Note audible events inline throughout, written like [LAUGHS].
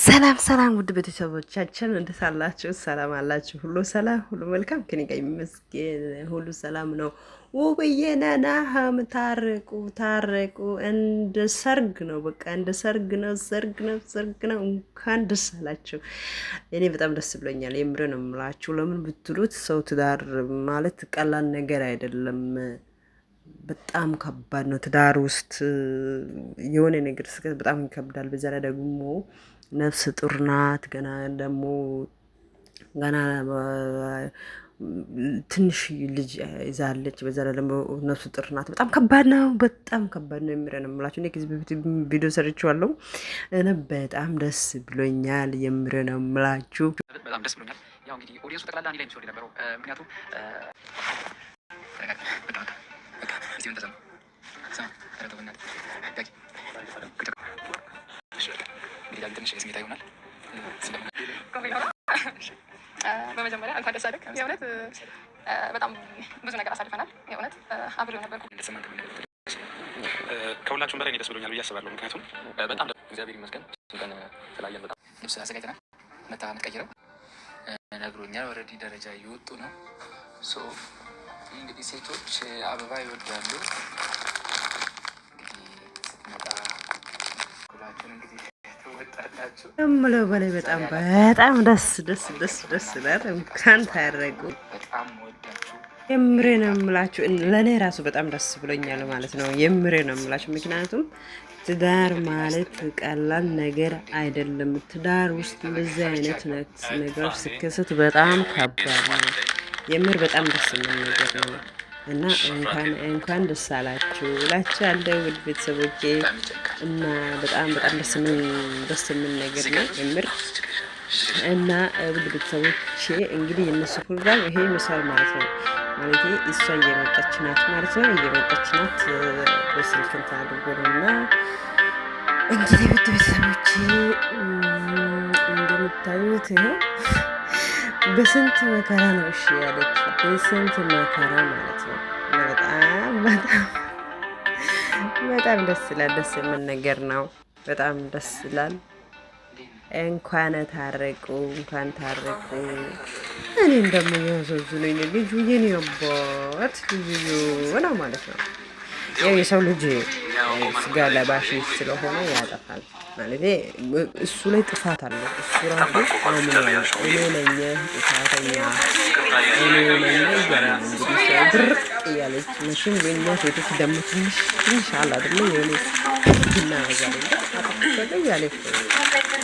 ሰላም ሰላም ውድ ቤተሰቦቻችን እንዴት አላችሁ? ሰላም አላችሁ? ሁሉ ሰላም፣ ሁሉ መልካም ከኔ ጋር ይመስገን፣ ሁሉ ሰላም ነው። ውብዬ ነናህም ታረቁ፣ ታረቁ። እንደ ሰርግ ነው፣ በቃ እንደ ሰርግ ነው፣ ሰርግ ነው፣ ሰርግ ነው። እንኳን ደስ አላችሁ። እኔ በጣም ደስ ብሎኛል፣ የምር ነው የምላችሁ። ለምን ብትሉት ሰው ትዳር ማለት ቀላል ነገር አይደለም። በጣም ከባድ ነው። ትዳር ውስጥ የሆነ ነገር ስከት በጣም ይከብዳል። በዛ ላይ ደግሞ ነፍስ ጡር ናት። ገና ደግሞ ገና ትንሽ ልጅ ይዛለች። በዛ ላይ ደግሞ ነፍስ ጡር ናት። በጣም ከባድ ነው፣ በጣም ከባድ ነው። የምር ነው የምላችሁ። እኔ ከዚህ በፊት ቪዲዮ ሰርችዋለሁ። እና በጣም ደስ ብሎኛል። የምር ነው የምላችሁ። በጣም ደስ ብሎኛል። ያው እንግዲህ ኦዲየንሱ ጠቅላላ አንድ ላይ ነበረው ምክንያቱም ይሆናል። ትንሽ ስሜታ ይሆናል። በመጀመሪያ እንኳን ደስ አደግ። የእውነት በጣም ብዙ ነገር አሳልፈናል። የእውነት አብሬው ነበር። ከሁላችሁም በላይ ደስ ብሎኛል ብዬ አስባለሁ። ምክንያቱም በጣም እግዚአብሔር ይመስገን ስንቀን ተለያየን። በጣም ልብስ አዘጋጅተናል። መታ ምትቀይረው ነግሮኛል። ወረዲ ደረጃ እየወጡ ነው። እንግዲህ ሴቶች አበባ ይወዳሉ። እንግዲህ ስትመጣ ሁላችን እንግዲህ ከምለው በላይ በጣም በጣም ደስ ደስ ደስ ደስ ላት እንኳን ታረጉ። የምሬ ነው የምላችሁ፣ ለእኔ ራሱ በጣም ደስ ብሎኛል ማለት ነው። የምሬ ነው የምላችሁ፣ ምክንያቱም ትዳር ማለት ቀላል ነገር አይደለም። ትዳር ውስጥ እንደዚህ አይነት ነገሮች ሲከሰት በጣም ከባድ ነው። የምር በጣም ደስ የሚል ነገር ነው። እና እንኳን እንኳን ደስ አላችሁ እላችኋለሁ ውድ ቤተሰቦቼ። እና በጣም በጣም ደስ ደስ የሚል ነገር ነው የምር። እና ውድ ቤተሰቦቼ እንግዲህ የነሱ ፕሮግራም ይሄ ይመስላል ማለት ነው። ማለት እሷ እየመጣች ናት ማለት ነው። እየመጣች ናት በስልክ እንትን አድርጎ እና እንግዲህ ውድ ቤተሰቦቼ እንደምታዩት ይኸው በስንት መከራ ነው እሺ ያለች፣ በስንት መከራ ማለት ነው። በጣም በጣም በጣም ደስ ይላል። ደስ የምን ነገር ነው። በጣም ደስ ይላል። እንኳን ታረቁ፣ እንኳን ታረቁ። እኔ ደግሞ ያዘዙ ነኝ ልጁ የኔ አባት ልዩ ነው ማለት ነው። ያው የሰው ልጅ ስጋ ለባሽ ስለሆነ ያጠፋል። ማለት እሱ ላይ ጥፋት አለ። እሱ ራሱ ነኛ ጥፋተኛ ድርቅ እያለች መሽም የኛ ሴቶች ደግሞ ትንሽ ትንሽ አለ አይደለ የሆነ ግና ነገር ያለ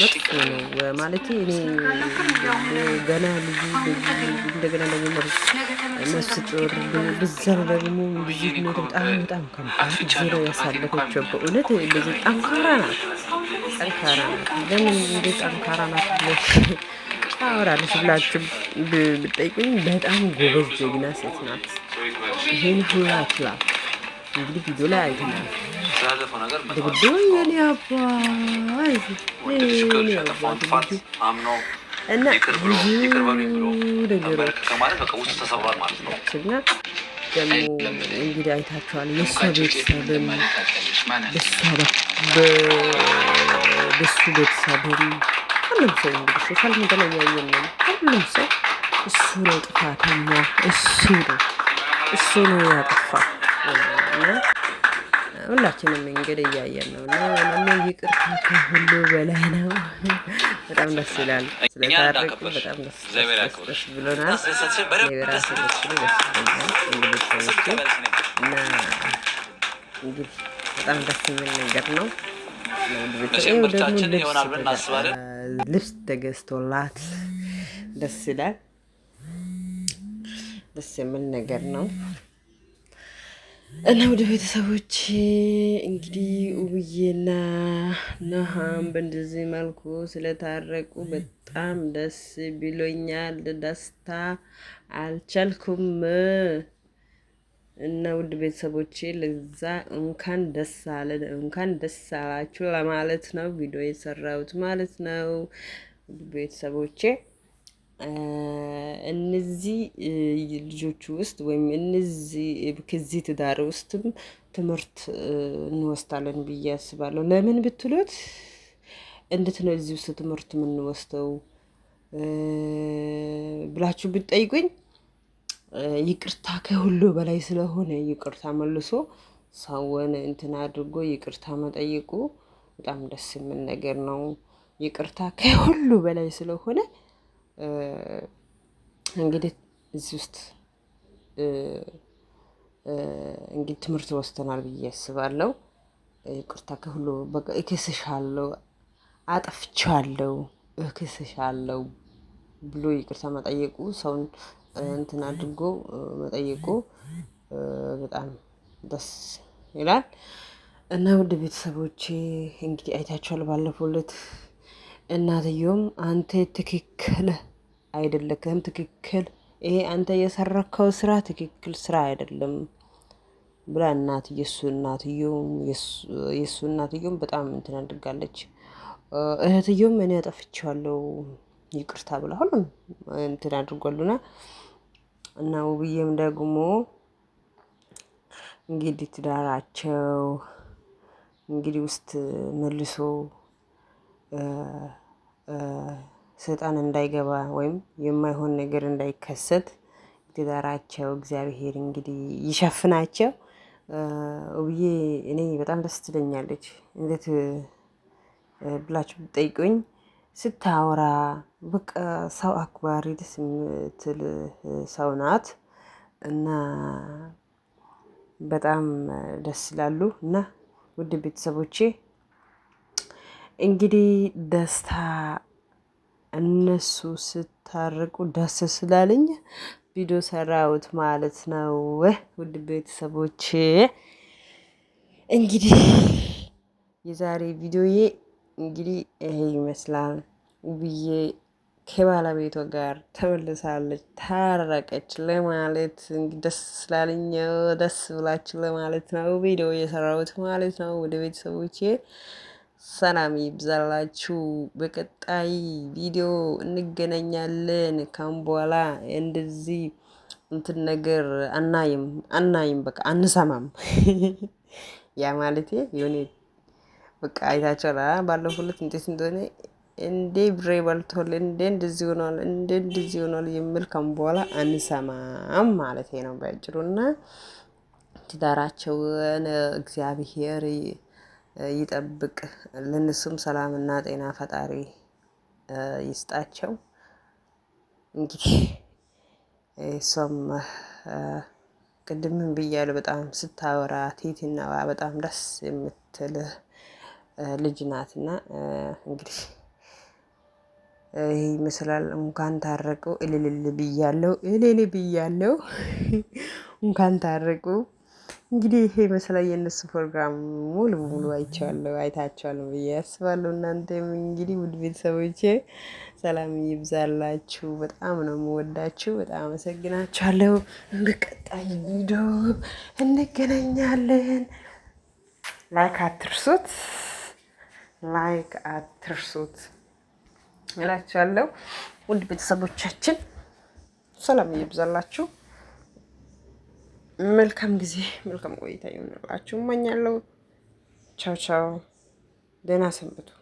መጥፎ ነው ማለት እኔ ገና ልዩ እንደገና ደግሞ ነፍስ ጦር ብዛ ደግሞ ብዙ ሁኔታ በጣም በጣም ከባድ ጊዜ ነው ያሳለፈችው። በእውነት እንደዚህ ጠንካራ ናት፣ ጠንካራ ናት። ለምን እንደ ጠንካራ ናት ብለሽ ታወራለች ብላችሁ ብጠይቁኝ በጣም ጎበዝ ጀግና ሴት ናት። ይህን ሁላ ችላ እንግዲህ ቪዲዮ ላይ አይተናል። ባለፈው ነገር አምኖ እንግዲህ አይታችኋል። የእሷ ቤተሰብም በሱ ቤተሰብም ሁሉም ሰው እንግዲህ ሶሻል ሚዲያ ላይ ያየን ነው። ሁሉም ሰው እሱ ነው ጥፋተኛ፣ እሱ ነው እሱ ነው ያጠፋ ሁላችንም እንግዲህ እያየን ነው እና ይቅርታ ከሁሉ በላይ ነው። በጣም ደስ ይላል። ስለታረቁ በጣም ደስ ብሎናል። ደስ እና እንግዲህ በጣም ደስ የሚል ነገር ነው። ልብስ ተገዝቶላት ደስ ይላል። ደስ የሚል ነገር ነው። እና ወደ ቤተሰቦች እንግዲህ ውብዬና ነሃም በእንደዚህ መልኩ ስለታረቁ በጣም ደስ ብሎኛል። ደስታ አልቻልኩም። እና ውድ ቤተሰቦቼ ለዛ እንኳን ደስ አለ እንኳን ደስ አላችሁ ለማለት ነው ቪዲዮ የሰራሁት ማለት ነው ውድ ቤተሰቦቼ። እነዚህ ልጆች ውስጥ ወይም እነዚህ ከዚህ ትዳር ውስጥም ትምህርት እንወስዳለን ብዬ አስባለሁ። ለምን ብትሉት እንዴት ነው እዚህ ውስጥ ትምህርት የምንወስደው ብላችሁ ብትጠይቁኝ ይቅርታ ከሁሉ በላይ ስለሆነ ይቅርታ መልሶ ሰውን እንትን አድርጎ ይቅርታ መጠየቁ በጣም ደስ የሚል ነገር ነው። ይቅርታ ከሁሉ በላይ ስለሆነ እንግዲህ እዚህ ውስጥ እንግዲህ ትምህርት ወስተናል ብዬ ያስባለው። ይቅርታ ከሁሉ በቃ እክስሻለው፣ አጠፍቻለው፣ እክስሻለው ብሎ ይቅርታ መጠየቁ ሰውን እንትን አድርጎ መጠየቁ በጣም ደስ ይላል እና ውድ ቤተሰቦቼ እንግዲህ አይታችኋል ባለፈው ዕለት እናትየውም አንተ ትክክል አይደለክም፣ ትክክል ይሄ አንተ የሰረከው ስራ ትክክል ስራ አይደለም ብላ እናት የሱ እናትየውም የሱ እናትየውም በጣም እንትን አድርጋለች። እህትየውም እኔ አጠፍቼዋለሁ ይቅርታ ብላ ሁሉም እንትን አድርጓሉና እና ውብዬም ደግሞ እንግዲህ ትዳራቸው እንግዲህ ውስጥ መልሶ ሰይጣን እንዳይገባ ወይም የማይሆን ነገር እንዳይከሰት ትዳራቸው እግዚአብሔር እንግዲህ ይሸፍናቸው። ውብዬ እኔ በጣም ደስ ትለኛለች። እንዴት ብላችሁ ብጠይቁኝ ስታወራ በቃ ሰው አክባሪ ደስ የምትል ሰው ናት እና በጣም ደስ ይላሉ እና ውድ ቤተሰቦቼ እንግዲህ ደስታ እነሱ ስታርቁ ደስ ስላለኝ ቪዲዮ ሰራሁት ማለት ነው። ውድ ቤተሰቦች እንግዲህ የዛሬ ቪዲዮዬ እንግዲህ ይሄ ይመስላል ውብዬ ከባለቤቷ ጋር ተመልሳለች፣ ታረቀች ለማለት እንግዲህ ደስ ስላለኝ ደስ ብላችሁ ለማለት ነው ቪዲዮ የሰራሁት ማለት ነው። ወደ ቤተሰቦቼ ሰላም ይብዛላችሁ። በቀጣይ ቪዲዮ እንገናኛለን። ካም በኋላ እንደዚህ እንትን ነገር አናይም አናይም፣ በቃ አንሰማም። [LAUGHS] ያ ማለት የሆነ በቃ አይታቸው ባለፈው ዕለት እንዴት እንደሆነ እንዴ ብሬ በልቶል፣ እንዴ እንደዚህ ሆኗል፣ እንዴ እንደዚህ ሆኗል የሚል ከም በኋላ አንሰማም ማለት ነው በአጭሩና ትዳራቸውን እግዚአብሔር ይጠብቅ። ለነሱም ሰላምና ጤና ፈጣሪ ይስጣቸው። እንግዲህ እሷም ቅድምን ብያለሁ፣ በጣም ስታወራ ቲትናዋ በጣም ደስ የምትል ልጅ ናትና እንግዲህ ይህ ይመስላል። እንኳን ታረቁ እልልል ብያለሁ፣ እልል ብያለሁ። እንኳን ታረቁ። እንግዲህ ይሄ ይመስላል የእነሱ ፕሮግራም ሙሉ በሙሉ አይቼዋለሁ፣ አይታቸዋለሁ ብዬ ያስባለሁ። እናንተም እንግዲህ ውድ ቤተሰቦቼ ሰላም ይብዛላችሁ። በጣም ነው የምወዳችሁ። በጣም አመሰግናችኋለሁ። በቀጣይ ቪዲዮ እንገናኛለን። ላይክ አትርሱት፣ ላይክ አትርሱት እላችኋለሁ። ውድ ቤተሰቦቻችን ሰላም ይብዛላችሁ። መልካም ጊዜ መልካም ቆይታ ይሆንላችሁ እመኛለሁ። ቻው ቻው፣ ደህና ሰንብቱ።